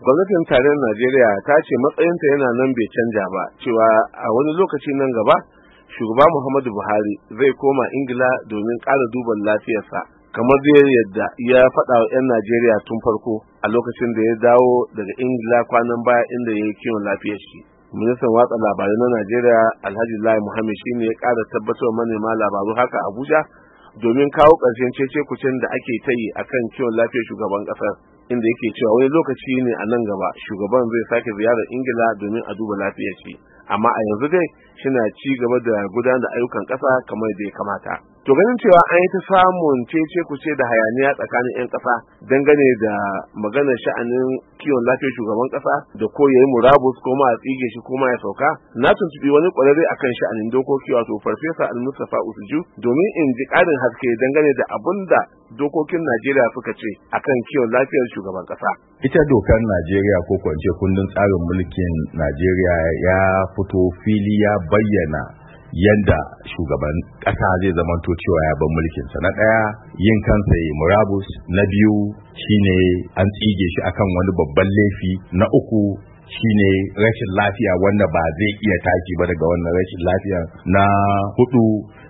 gwamnatin tarayyar najeriya ta ce matsayinta yana nan bai canja ba cewa a wani lokaci nan gaba shugaba muhammadu buhari zai koma ingila domin ƙara duban lafiyarsa kamar zai yadda ya faɗa wa 'yan najeriya tun farko a lokacin da ya dawo daga ingila kwanan baya inda ya yi kiwon lafiyar shi ministan watsa labarai na najeriya alhaji lai muhammad ne ya ƙara tabbatar manema labaru haka abuja domin kawo ƙarshen cece kucin da ake ta yi akan kiwon lafiyar shugaban ƙasar inda yake cewa wani lokaci ne a nan gaba shugaban zai sake ziyarar ingila domin a duba lafiyar shi amma a yanzu dai shina ci gaba da gudanar da ayyukan ƙasa kamar da ya kamata to ganin cewa an yi ta samun cece kuce da hayaniya tsakanin 'yan ƙasa dangane da maganar sha'anin kiwon lafiyar shugaban ƙasa da ko ya yi murabus ko ma a tsige shi ko ma ya sauka na tuntuɓi wani ƙwararre akan sha'anin dokoki wato farfesa al-mustapha usuju domin in ji karin haske dangane da abun da dokokin najeriya suka ce akan kiwon lafiyar shugaban ƙasa. ita dokar najeriya ko kwance kundin tsarin mulkin najeriya ya fito fili ya bayyana yadda shugaban ƙasa zai zamanto cewa ya ban mulkinsa na ɗaya yin kansa ya murabus na biyu shine an tsige shi akan wani babban laifi na uku shine rashin lafiya wanda ba zai iya taki ba daga wannan rashin lafiya na hudu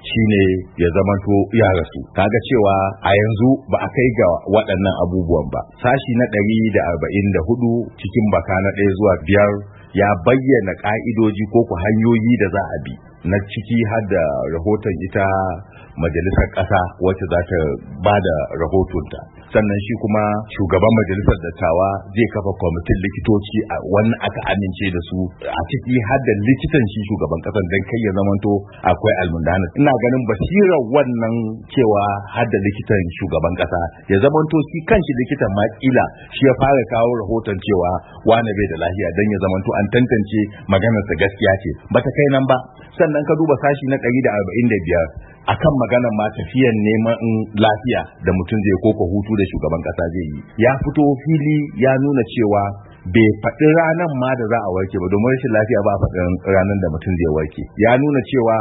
shine ya zamanto ya rasu kaga cewa a yanzu ba a kai ga waɗannan abubuwan ba sashi na ɗari da arba'in da hudu cikin baka na ɗaya zuwa biyar ya bayyana ƙa'idoji ko ku hanyoyi da za a bi na ciki har da rahoton ita majalisar ƙasa wacce za ta ba da rahotonta sannan shi kuma shugaban majalisar dattawa zai kafa kwamitin likitoci a wani aka amince da su a ciki har da likitan shi shugaban kasan dan kai ya zamanto akwai almundana ina ganin basirar wannan cewa har da likitan shugaban kasa ya zamanto shi kanshi likitan ma shi ya fara kawo rahoton cewa wane bai da lafiya dan ya zamanto an tantance maganarsa gaskiya ce bata kai nan ba sannan ka duba sashi na 145 akan maganar ma tafiyan neman lafiya da mutum zai koko hutu da shugaban kasa zai yi ya fito fili ya nuna cewa bai faɗi ranar ma da za a warke ba domin rashin lafiya ba faɗin ranar da mutum zai warke ya nuna cewa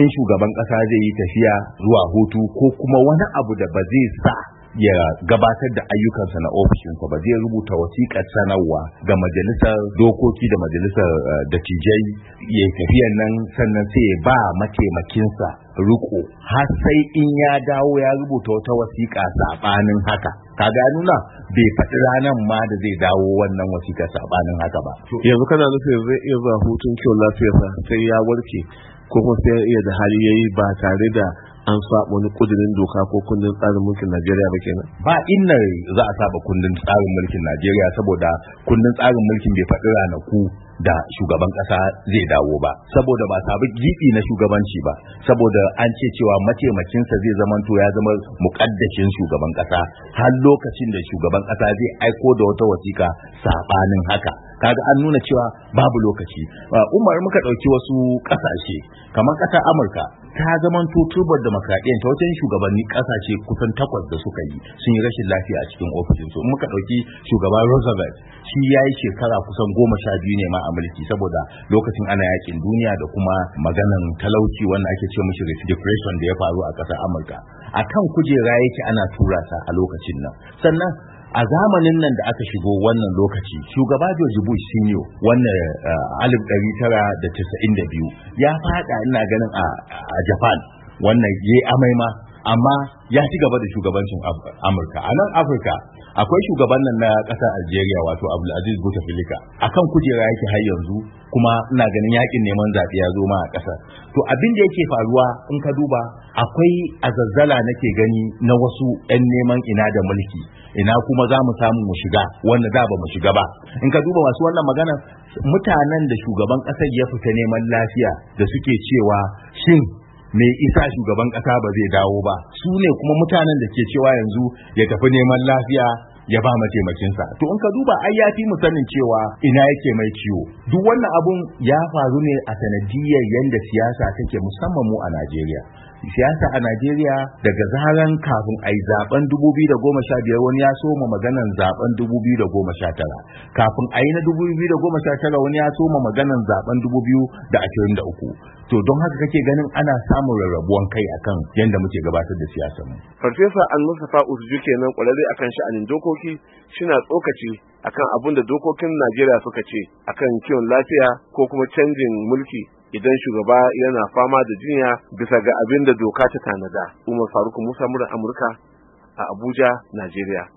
in shugaban kasa zai yi tafiya zuwa hutu ko kuma wani abu da ba zai sa ya gabatar da ayyukansa na ofishinsa ba zai rubuta wasiƙar sanarwa ga majalisar dokoki da majalisar eh, dattijai ya tafiyan nan sannan sai ya ba mataimakinsa riko har sai in ya dawo ya rubuta wata wasiƙa saɓanin haka ka ga nuna bai faɗi ranar ma da zai dawo wannan wasikar saɓanin haka ba yanzu kana nufin zai iya zuwa hutun kyau lafiyarsa sai ya warke ko kuma sai iya da hali yi ba tare da an saba wani kudirin doka ko kundin tsarin mulkin Najeriya ba kenan ba inna za a saba kundin tsarin mulkin Najeriya saboda kundin tsarin mulkin bai faɗi ranaku da shugaban kasa zai dawo ba saboda ba sabu gibi na shugabanci ba saboda an ce cewa mataimakinsa zai zamanto ya zama mukaddashin shugaban kasa har lokacin da shugaban kasa zai aiko da wata wasiƙa sabanin haka kaga an nuna cewa babu lokaci umar muka ɗauki wasu ƙasashe kamar ƙasar amurka ta zaman tutubar demokradiyyar ta wajen shugabanni kasashe kusan takwas da suka yi sun yi rashin lafiya a cikin ofishin su muka ɗauki shugaban roosevelt shi ya yi shekara kusan goma sha biyu ne ma a mulki saboda lokacin ana yakin duniya da kuma maganan talauci wanda ake ce mishi depression da ya faru a kasar amurka akan kujera yake ana tura sa a lokacin nan sannan a zamanin nan da aka shigo wannan lokaci shugaba George Bush senior wannan eh, alif ɗari tara da casa'in da biyu ya faɗa ina ganin a Japan wannan ya amai ma amma ya ci gaba da shugabancin amurka a nan afirka akwai shugaban nan na ƙasar algeria wato abdulaziz bouteflika akan kujera yake har yanzu kuma ina ganin yakin neman zaɓe ya zo ma a ƙasar to abin da yake faruwa in ka duba akwai azazzala nake gani na wasu 'yan neman ina da mulki ina kuma za mu samu mu shiga wanda da ba mu shiga ba in ka duba masu wannan magana mutanen da shugaban ƙasar ya fita neman lafiya da suke cewa shin me isa shugaban kasa ba zai dawo ba su ne kuma mutanen da ke cewa yanzu ya tafi neman lafiya ya ba mataimakinsa to in ka duba ai ya fi mu sanin cewa ina yake mai ciwo duk wannan abun ya faru ne a sanadiyar yadda siyasa take musamman mu a Najeriya siyasa a Najeriya daga zaran kafin a yi zaben 2015 wani ya soma maganan zaben 2019 kafin a yi na 2019 wani ya soma maganan zaben 2023 to don haka kake ganin ana samun rarrabuwan kai akan yadda muke gabatar da siyasar mu farfesa al-mustafa usju kenan kwararre akan sha'anin dokoki shina tsokaci akan abin da dokokin Najeriya suka ce akan kiwon lafiya ko kuma canjin mulki idan shugaba yana fama da jinya bisa ga abin da doka ta tanada umar faruk musa murar amurka a abuja najeriya